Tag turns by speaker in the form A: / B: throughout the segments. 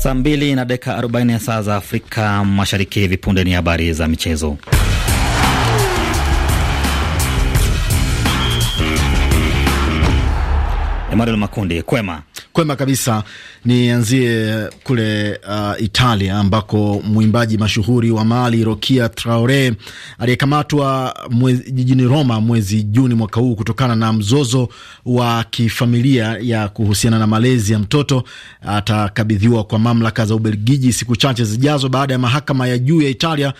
A: Saa mbili na dakika 40 ya saa za Afrika Mashariki. Hivi punde ni habari za michezo. Emmanuel Makundi,
B: kwema kwema kabisa. Nianzie kule uh, Italia ambako mwimbaji mashuhuri wa Mali Rokia Traore aliyekamatwa jijini Roma mwezi Juni mwaka huu kutokana na mzozo wa kifamilia ya kuhusiana na malezi ya mtoto atakabidhiwa kwa mamlaka za Ubelgiji siku chache zijazo baada ya mahakama ya juu ya Italia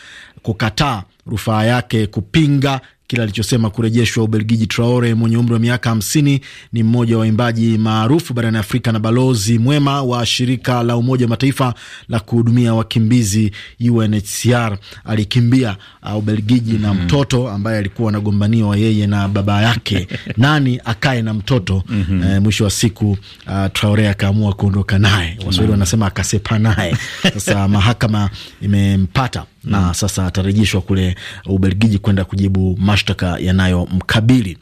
B: kukataa rufaa yake kupinga kile alichosema kurejeshwa Ubelgiji Traore mwenye umri wa miaka hamsini ni mmoja wa waimbaji maarufu barani Afrika na balozi mwema wa shirika la Umoja wa Mataifa la kuhudumia wakimbizi UNHCR. Alikimbia uh, Ubelgiji na mhm. mtoto ambaye alikuwa anagombaniwa yeye na baba yake, nani akae na mtoto e, mwisho wa siku uh, Traore akaamua kuondoka naye, Waswahili wanasema akasepa naye. Sasa mahakama imempata na mm. sasa atarejeshwa kule Ubelgiji kwenda kujibu mashtaka yanayomkabili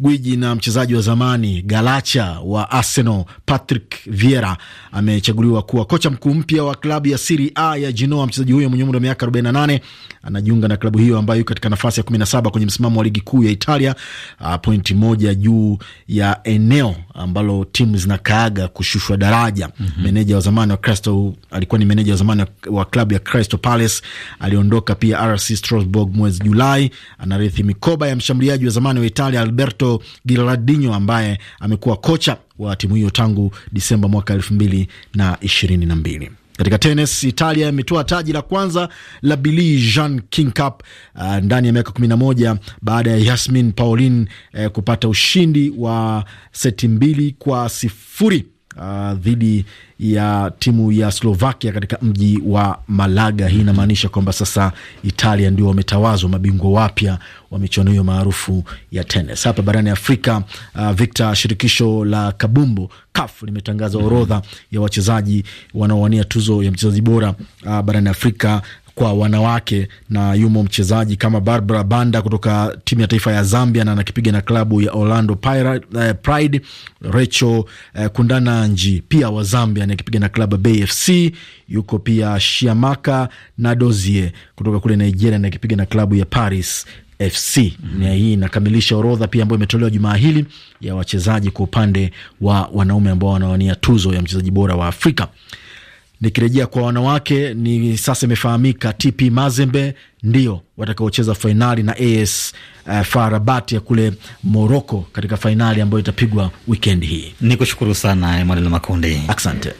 B: gwiji na mchezaji wa zamani galacha wa Arsenal Patrick Vieira amechaguliwa kuwa kocha mkuu mpya wa klabu ya Serie A ya Genoa. Mchezaji huyo mwenye umri wa miaka 48 anajiunga na klabu hiyo ambayo iko katika nafasi ya 17 kwenye msimamo wa ligi kuu ya Italia, ah, pointi moja juu ya eneo ambalo timu zinakaaga kushushwa daraja. mm -hmm. Meneja wa zamani wa Crystal, alikuwa ni meneja wa zamani wa klabu ya Crystal Palace, aliondoka pia RC Strasbourg mwezi Julai. Anarithi mikoba ya mshambuliaji wa zamani wa Italia Alberto Roberto Gilardino ambaye amekuwa kocha wa timu hiyo tangu Disemba mwaka elfu mbili na ishirini na mbili. Katika tenis, Italia imetoa taji la kwanza la Billie Jean King Cup uh, ndani ya miaka 11 baada ya Yasmin Paulin uh, kupata ushindi wa seti mbili kwa sifuri uh, dhidi ya timu ya Slovakia katika mji wa Malaga. Hii inamaanisha kwamba sasa Italia ndio wametawazwa mabingwa wapya wa michuano hiyo maarufu ya tenis. Hapa barani Afrika, uh, Victor, shirikisho la kabumbu CAF limetangaza orodha ya wachezaji wanaowania tuzo ya mchezaji bora uh, barani Afrika kwa wanawake, na yumo mchezaji kama Barbara Banda kutoka timu ya taifa ya Zambia na anakipiga na klabu ya Orlando eh, Pride. Rachel eh, Kundananji pia wa Zambia anakipiga na klabu ya Bay Yuko pia Shiamaka na Dozie kutoka kule Nigeria anakipiga na klabu ya Paris FC. Mm -hmm. hii inakamilisha orodha pia ambayo imetolewa jumaa hili ya wachezaji kwa upande wa wanaume ambao wanawania tuzo ya mchezaji bora wa Afrika. Nikirejea kwa wanawake ni sasa imefahamika TP Mazembe ndio watakaocheza fainali na AS uh, eh, Farabati ya kule Moroko katika fainali ambayo itapigwa wikendi hii. Ni kushukuru sana Emanuel Makundi, asante.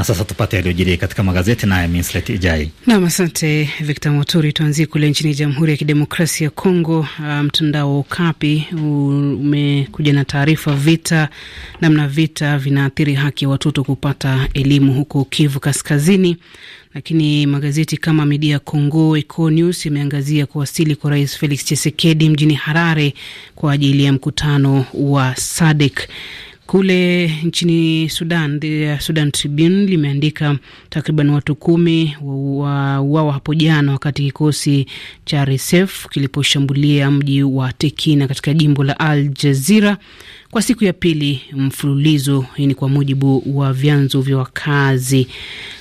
A: Na sasa tupate yaliyojiri katika magazeti naye Minslet Ijai.
C: Nam, asante Victor Moturi. Tuanzie kule nchini Jamhuri ya Kidemokrasia ya Kongo. Uh, mtandao um, wa Ukapi umekuja na taarifa vita, namna vita vinaathiri haki ya watoto kupata elimu huko Kivu Kaskazini lakini magazeti kama Media Congo, Eco News imeangazia kuwasili kwa Rais Felix chisekedi mjini Harare kwa ajili ya mkutano wa SADC. Kule nchini Sudan, the uh, Sudan Tribune limeandika takriban watu kumi wauawa hapo jana wakati kikosi cha RSF kiliposhambulia mji wa Tekina katika jimbo la Al Jazira kwa siku ya pili mfululizo. Hii ni kwa mujibu wa vyanzo vya wakazi.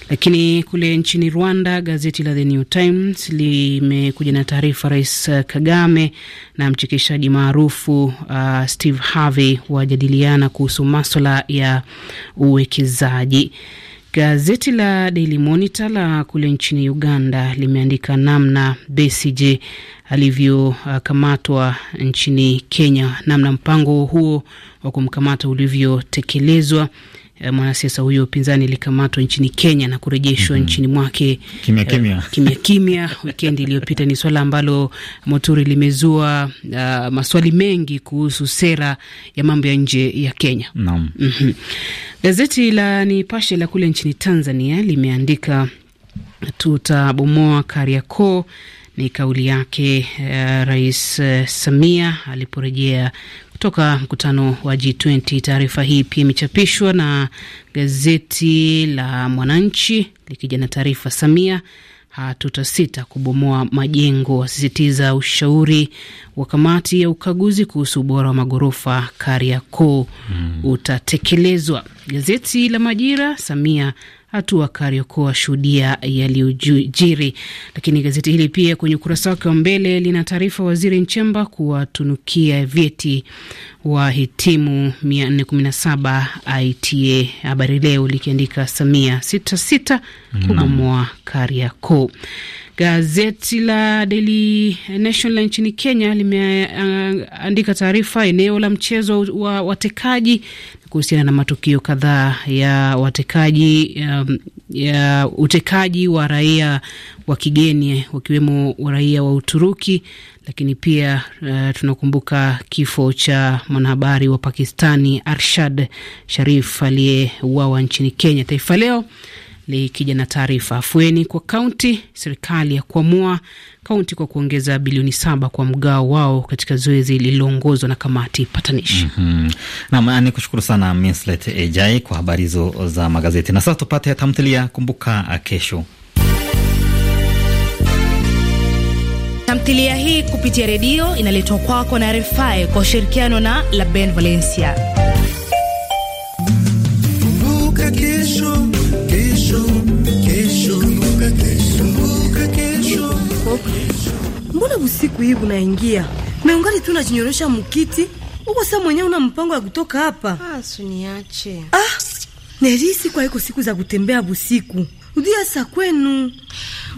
C: Lakini kule nchini Rwanda, gazeti la The New Times limekuja na taarifa, Rais Kagame na mchekeshaji maarufu uh, Steve Harvey wajadiliana kuhusu maswala ya uwekezaji. Gazeti la Daily Monitor la kule nchini Uganda limeandika namna Besigye alivyokamatwa uh, nchini Kenya, namna mpango huo wa kumkamata ulivyotekelezwa Eh, mwanasiasa huyo upinzani alikamatwa nchini Kenya na kurejeshwa mm -hmm. nchini mwake kimya eh, kimya, kimya kimya wikendi iliyopita. Ni swala ambalo Moturi limezua uh, maswali mengi kuhusu sera ya mambo ya nje ya Kenya mm -hmm. Gazeti la Nipashe la kule nchini Tanzania limeandika tutabomoa Kariakoo ni kauli yake uh, Rais uh, Samia aliporejea kutoka mkutano wa G20. Taarifa hii pia imechapishwa na gazeti la Mwananchi likija na taarifa, Samia hatutasita kubomoa majengo, wasisitiza ushauri wa kamati ya ukaguzi kuhusu ubora wa maghorofa Kariakoo mm, utatekelezwa. Gazeti la Majira, Samia hatua Kariakoo shuhudia yaliyojiri. Lakini gazeti hili pia kwenye ukurasa wake wa mbele lina taarifa waziri Nchemba kuwatunukia vyeti wahitimu 417 ITA. Habari Leo likiandika Samia sita sita kubomoa Kariakoo. Gazeti la Daily Nation la nchini Kenya limeandika uh, taarifa eneo la mchezo wa watekaji kuhusiana na matukio kadhaa ya watekaji um, ya utekaji wa raia wa kigeni wakiwemo raia wa Uturuki lakini pia uh, tunakumbuka kifo cha mwanahabari wa Pakistani Arshad Sharif aliyeuawa nchini Kenya. Taifa Leo likija na taarifa afueni kwa kaunti, serikali ya kuamua kaunti kwa kuongeza bilioni saba kwa mgao wao katika zoezi lililoongozwa na kamati
A: patanishi. mm -hmm. Nam ni kushukuru sana Minslet Ejai kwa habari hizo za magazeti, na sasa tupate tamthilia. Kumbuka Kesho.
D: Tamthilia hii kupitia redio inaletwa kwako na RFI kwa ushirikiano na
C: La Ben Valencia.
E: Mbona usiku hii unaingia meungali tu najinyorosha mkiti uko saa mwenyewe una mpango ya kutoka hapa? Ah, suniache. Ah, nerisi kwa iko siku za kutembea busiku udia sa kwenu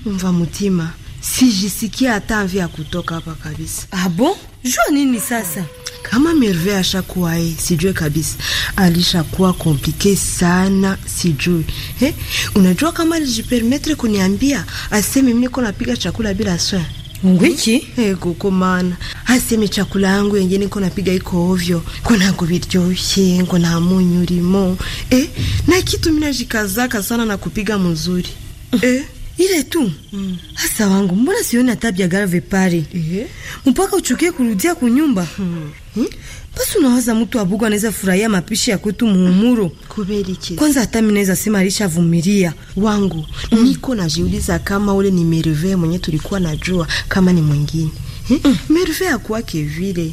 E: mva mutima sijisikia hata avi ya kutoka hapa kabisa. Abo, ah jua nini sasa? Kama Merve ashakuwa e, sijue kabisa alishakuwa komplike sana, sijui he. Eh, unajua kama alijipermetre kuniambia aseme mniko napiga chakula bila swa ngwiki eh, eh, kuko mana aseme chakula yangu yenye niko napiga iko ovyo, kona kubiryoshe kona munyurimo e, na kitu mina jikazaka sana na kupiga mzuri mm. eh ile tu hasa mm. wangu, mbona sioni hata bia garve pale mm -hmm. mpaka uchukie kurudia kunyumba mm. hmm? Basi unawaza mtu abugu anaweza furahia mapishi ya kwetu muumuro kuberiki. Kwanza hata mimi naweza sema alishavumilia wangu mm. niko najiuliza kama ule ni Merve mwenye tulikuwa najua kama ni mwingine hmm? mm. Merve akuwake vile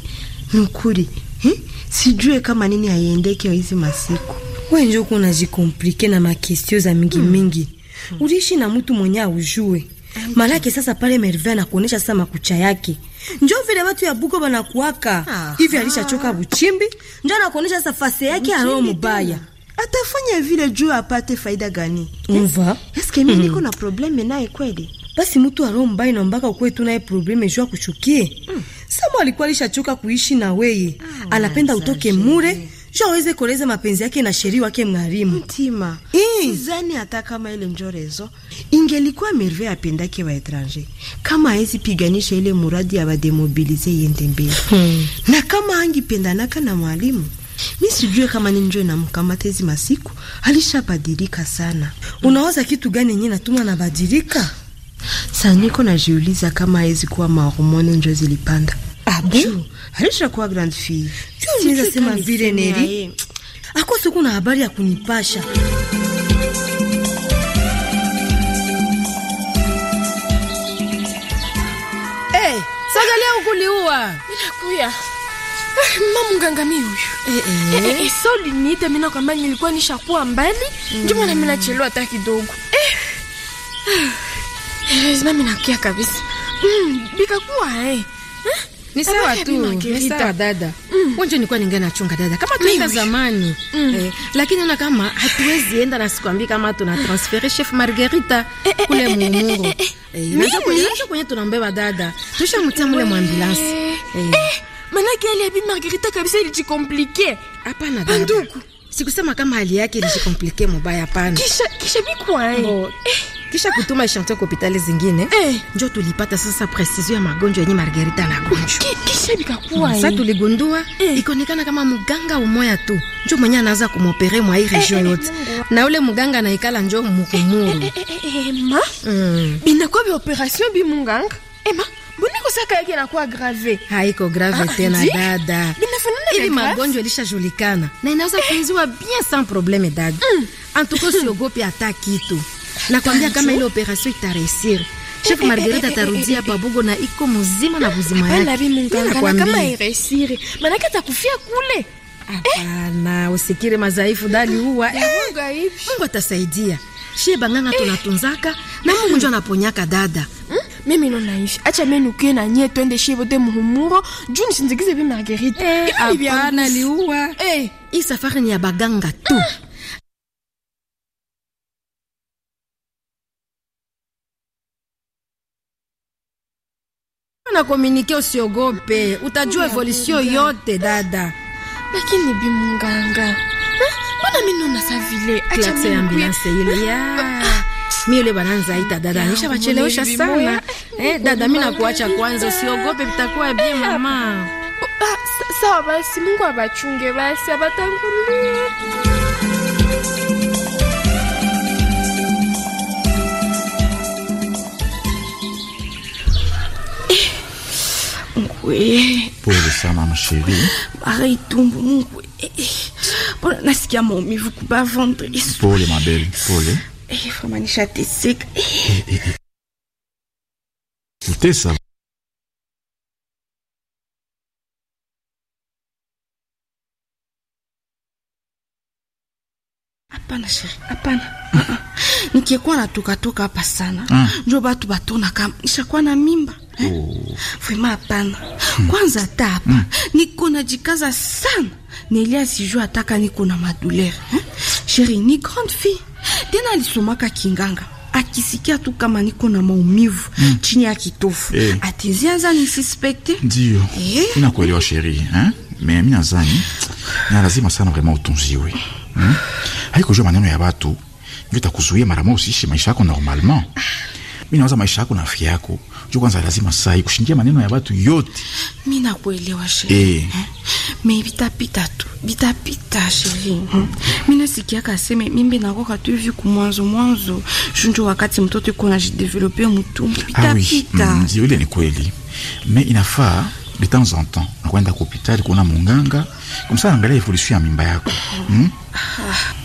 E: nukuri hmm? sijue kama nini haiendeke hizi masiku. Wewe njoo kuna jikomplike na makestio za mingi mm. mingi Hmm. uliishi na mtu mwenye aujue Malaki sasa pale Merve anakuonesha sasa makucha yake, njo vile watu ya buko wanakuaka ah. hivi. Alishachoka buchimbi, njo anakuonesha sasa fasi yake aroho mubaya. Atafanya vile juu apate faida gani? Mva eske mimi hmm. niko na probleme naye kweli? Basi mtu aroho mbaya naombaka ukwe tu naye probleme juu akuchukie. Hmm. Samo alikuwa alishachoka kuishi na weye, ah, anapenda utoke mure sha aweze kueleza mapenzi yake na sheri wake mwalimu mtima e. Eh. Sizani hata kama ile njorezo ingelikuwa Merve apendake wa etranger kama aezi piganisha ile muradi ya wademobilize yende mbele hmm. Na kama angipendanaka na mwalimu mi sijue kama ni njo namkamatezi masiku alishabadilika sana. Unawaza kitu gani yenye natuma nabadilika? Saniko najiuliza kama aezi kuwa mahormone njo zilipanda Abu, ah, bon? Hmm? Alisha kuwa grand fille. Unaweza sema vile Neri. Akose kuna habari ya kunipasha.
D: Eh, sogelea ukuliua. Ninakuya. Eh, mama mganga mimi huyu. Eh eh. Eh, eh, eh soli niite mimi na kwamba nilikuwa nishakuwa mbali. Mm. Ndio maana mimi nachelewa hata kidogo. Eh. Lazima mimi nakia kabisa. Mm, kuwa eh. Eh? Ni sawa tu, ni sawa dada. Mm. Unje nilikuwa ningeenda nachunga dada. Kama tuenda zamani. Mm. Eh, lakini ona kama hatuwezi enda na sikwambi kama tuna transfere chef Margarita eh, eh, eh kule eh, eh mumungu. Eh, eh, eh, eh, eh, kwenye kwenye tunambeba dada. Tusha mtia mule mwambulansi. Eh. eh. Manake hali ya bibi Margarita kabisa ilijikomplikea. Hapana ah, dada. Ndugu. Sikusema kama hali yake ilijikomplikea mubaya hapana. Kisha kisha eh. biko eh kisha kutuma echantion kwa hopitali zingine eh. Njo tulipata sasa presizio ya magonjwa yenye Margarita anagonjwa, kisha bikakuwa sasa eh. tuligundua eh. Ikaonekana kama mganga umoya tu njo mwenye anaanza kumopere mwa hii eh, region eh, yote eh, eh, na ule mganga anaikala njo mukumuru eh, eh, eh, eh, ma mm. binakuwa bioperation bimunganga ema eh, Mbona kosa yake inakuwa grave? Haiko grave ah, tena di? Dada. Binafanana Ili magonjwa ilishajulikana na inaweza eh, kuinziwa bien sans probleme dada. Mm. Antuko siogopi hata kitu. Nakwambia kama ile operation itaresire Chef Margaret atarudia eh, eh, eh, babugo na iko mzima na buzima yake. Hapana, ngana kama iresire. Maana kata kufia kule. Hapana, usikire madhaifu dali huwa. Mungu aishi. Mungu atasaidia. Shie banganga tunatunzaka na Mungu ndio anaponyaka dada. Hmm? Mimi ndo naishi. Acha mimi nukie na nyie twende shie bote muhumuro. Juu nisindikize bi Margaret. Hapana, ni huwa. Eh, hii safari ni ya baganga tu. Hmm. na komunike, usiogope, utajua evolution yote dada. Lakini bi munganga, eh, mbona mimi nuna sa vile acha ah, ah. ya ambulance ile ya mimi ile bananza ita dada, nisha bachelewesha sana eh. Dada, mimi nakuacha kwanza, usiogope, vitakuwa bien eh, mama. Ah, sawa basi, Mungu abachunge basi, abatangulie
F: we.
G: Pole sana msheri.
F: Bara itumbu Mungu. Bona nasikia maumivu kuba ventre.
G: Pole mabeli, pole.
E: Eh, fama nishateseka. Eh, eh, eh.
G: Kutesa
F: Hapana sheri, hapana. Nikikuwa natukatoka hapa sana, mm. ndio batu batonaka nishakuwa na mimba. Oh. Vraiment vrema hapana. Kwanza hata hapa hmm. niko najikaza sana, nelia sijua ataka niko na madulere sheri. Ni grande fille tena, alisomaka kinganga akisikia tu kama niko na maumivu mm. chini ya kitofu eh. Atizianza ni suspecte ndio eh.
G: Inakuelewa sheri eh? Me mi nazani na lazima sana vrema utunziwe hmm? Haikujua maneno ya watu ndio kuzuia mara moja usiishi maisha yako normalement ah mi nawaza maisha yako na afya yako juu kwanza lazima sai kushindia maneno ya watu yote.
F: Mi nakuelewa shehe eh. eh? Me vitapita tu vitapita sheri mm -hmm. Mi nasikiaka aseme mimbe nakoka tu hivi kumwanzo mwanzo shunjo wakati mtoto iko najidevelope mutumbu bitapita ah, oui.
H: mm, ile
G: ni kweli me inafaa de temps en temps nakwenda kuhopitali kuona munganga kumsaa angalia evolution ya mimba yako mm?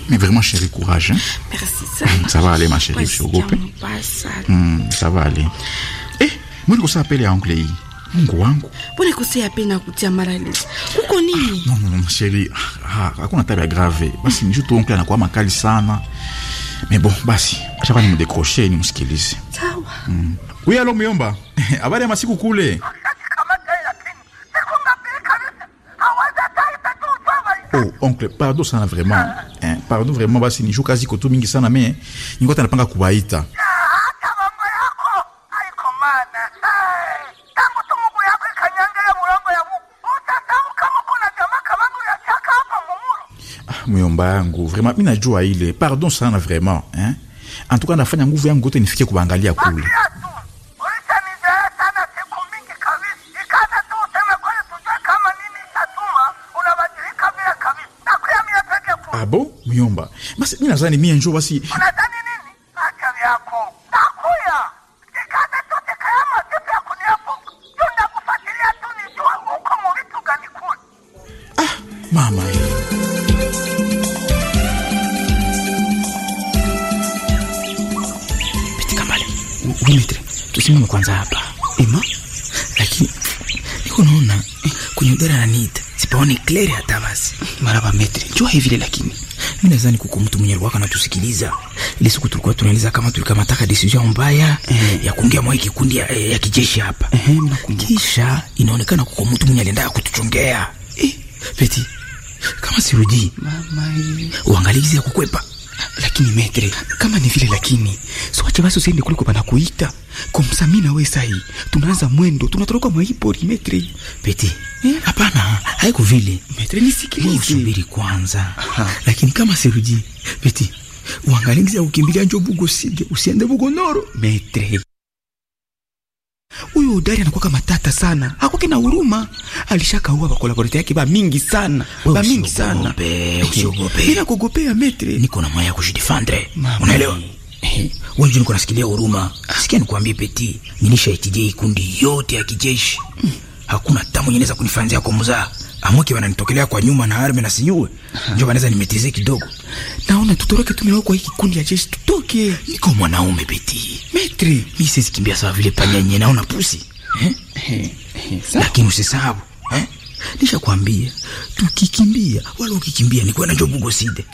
G: Mais vraiment, chérie, courage. Hein? Merci, ça. Ça va aller, ma chérie, je suis Ça va aller. Eh, mwili kusapele anglais Mungu wangu.
F: Mbona kosea pena kutia mara Kuko nini?
G: Ah, no, tabia grave. Basi ni tu anakuwa makali sana. Mais bon, basi, acha kwani mdekroche ni msikilize. Sawa. Mm. Oui, alo ya masiku kule. oncle pardon sana vraiment hein, pardon vraiment basi ni nijo kazi koto mingi sana me ningota napanga kubaita muyomba yangu vraiment mi najua ile pardon sana vraiment hein? en tout cas nafanya nguvu yangu yote nifikie kubaangalia kule Abo Myomba. Basi mimi nadhani mie njoo basi.
H: Unadhani nini? Acha vyako. Takuya. Ikata tote kayama tipi ya kuniapo. Tunda kufuatilia tu nijua huko mu vitu gani kuni. Ah, mama.
I: Piti kambale. Dimitri, tusimame kwanza hapa. Ima? Lakini niko naona eh, kwenye udara na nita. Sipaoni kleri hata basi. Maraba metre, njua ile lakini. Mimi nadhani kuko mtu mwenye ruaka anatusikiliza. Ile siku tulikuwa tunaeleza kama tulikamataka decision mbaya eh, ya kuongea mwa kikundi ya, eh, ya kijeshi hapa. Eh, Kisha inaonekana kuko mtu mwenye alienda kutuchongea. Eh, Peti. Kama sirudi. Mama. Eh. Uangalizi ya kukwepa. Lakini metre, kama ni vile lakini siwache basi usiende kuliko panakuita kumsamina we. sahi tunaanza mwendo, tunatoroka mwaipori metre. Peti eh? hapana, eh? Haiko vile metre, nisikilize kwanza. Aha. Lakini kama sirudi peti, uangalie ngiza kukimbilia njo bugo side, usiende bugo noro metre. Huyu udari anakuwa matata sana, hakwake na huruma. Alishakaua bakolaborate yake ba mingi sana, ba mingi sana. Usiogope, bila kugopea metre, niko na moyo kujidefendre, unaelewa? Wewe ndio niko nasikilia huruma. Sikia nikwambie, peti, nilisha itije kundi yote ya kijeshi, mm. hakuna tamu nyeneza kunifanzia kwa mzaa Amuki wananitokelea kwa nyuma na arme na siyue Njoo banaweza nimetezee kidogo. Naona tutoroke tumewa kwa hiki kundi ya jeshi tutoke. Niko mwanaume beti. Metri, mi sisi kimbia sawa vile panyenye, naona pusi. Eh? Lakini usisahau, eh? Nisha kuambia tukikimbia wala ukikimbia ni kwenda njo Bugo Side.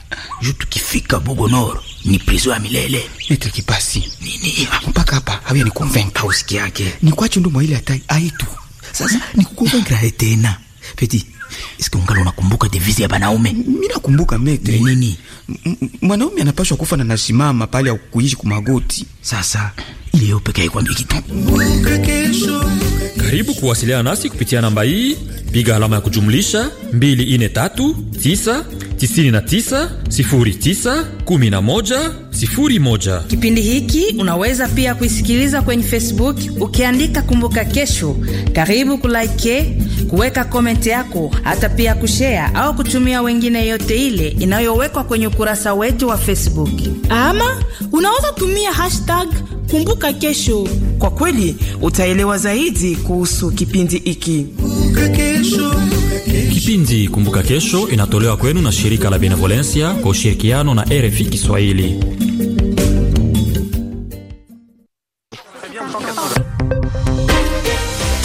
I: ju, tukifika Bugo Noro ni prizo ya milele. Metri kipasi. Nini? Ah, mpaka hapa hawia ni convaincre usiki yake. Ni kwa chundu ile atai aitu. Sasa ni kukonvaincre tena. peti Eske Ungala unakumbuka devizi ya banaume? Mimi nakumbuka mete. Ni nini? Mwanaume anapaswa kufa na nasimama
A: pale au kuishi kumagoti. Sasa ile yo pekee haikwambii kitu. Karibu kuwasiliana nasi kupitia namba hii, piga alama ya kujumlisha 243 9 99 09 11 01.
C: Kipindi hiki unaweza pia kuisikiliza kwenye Facebook ukiandika kumbuka kesho. Karibu kulike kuweka komenti yako, hata pia kushea au kutumia wengine yote ile inayowekwa kwenye ukurasa wetu wa Facebook. Ama unaweza tumia hashtag kumbuka kesho. Kwa kweli utaelewa
I: zaidi kuhusu kipindi hiki.
A: Kipindi Kumbuka Kesho inatolewa kwenu na shirika la Benevolencia kwa ushirikiano na RFI Kiswahili.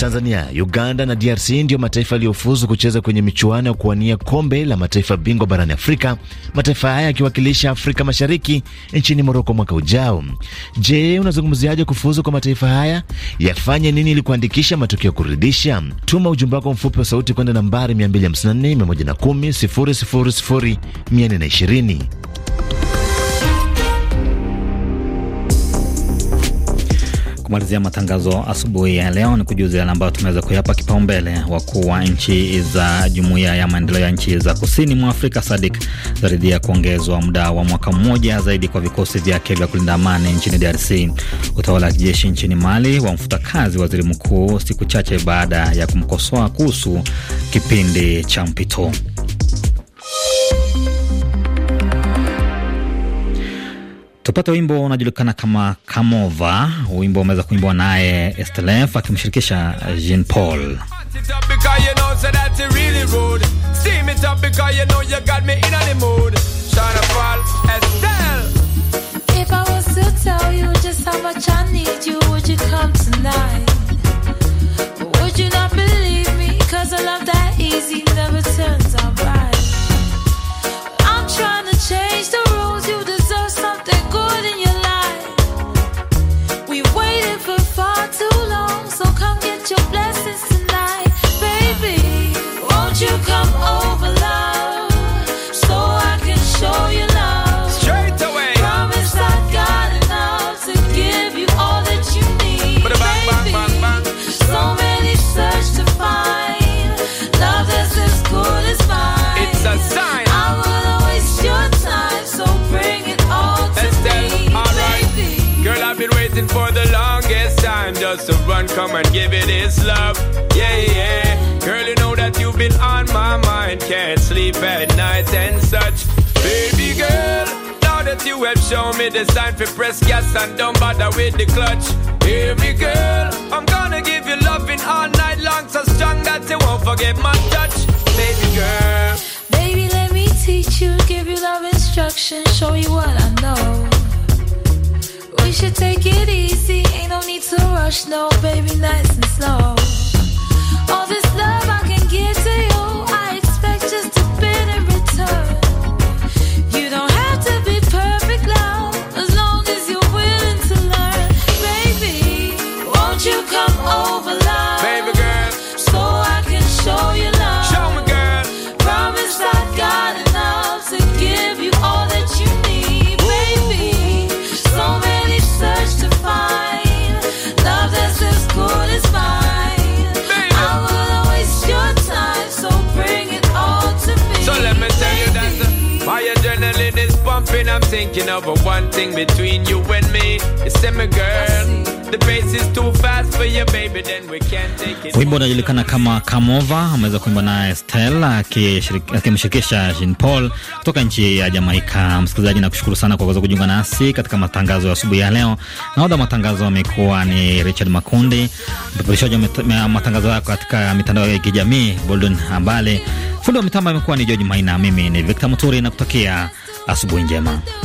B: Tanzania, Uganda na DRC ndiyo mataifa yaliyofuzu kucheza kwenye michuano ya kuwania kombe la mataifa bingwa barani Afrika, mataifa haya yakiwakilisha Afrika Mashariki nchini Moroko mwaka ujao. Je, unazungumziaje kufuzu kwa mataifa haya? Yafanye nini ili kuandikisha matokeo ya kuridhisha? Tuma ujumbe wako mfupi wa sauti kwenda nambari 254 110 000 420.
A: kumalizia matangazo asubuhi ya leo ni kujuza yale ambayo tumeweza kuyapa kipaumbele. Wakuu wa nchi za jumuiya ya maendeleo ya nchi za kusini mwa Afrika sadik zaridhia kuongezwa muda wa mwaka mmoja zaidi kwa vikosi vyake vya kulinda amani nchini DRC. Utawala wa kijeshi nchini Mali wamfuta kazi waziri mkuu siku chache baada ya kumkosoa kuhusu kipindi cha mpito. Tupate wimbo unajulikana kama Kamova. Wimbo umeweza kuimbwa naye Estelef akimshirikisha Jean Paul.
H: turns out right. longest time just to run, come and give it its love. Yeah, yeah. Girl, you know that you've been on my mind. Can't sleep at night and such. Baby girl, now that you have shown me the sign for press gas and don't bother with the clutch. Hear me, girl, I'm gonna give you loving all night long, so strong that you won't forget my touch. Baby girl, baby, let me teach you, give you love instruction, show you what I know should take it easy. Ain't no need to rush, no, baby, nice and slow. All this love I can give to you. Wimbo
A: unajulikana kama Kamova, ameweza kuimba naye Stel akimshirikisha Jean Paul kutoka nchi ya Jamaika. Msikilizaji, nakushukuru sana kwa kuweza kujiunga nasi katika matangazo ya asubuhi ya leo. naodha matangazo amekuwa ni Richard Makundi, mpeperushaji wa matangazo yako katika mitandao ya kijamii Bolden Ambale, fundi wa mitambo amekuwa ni George Maina, mimi ni Victor Muturi na kutokea asubuhi njema.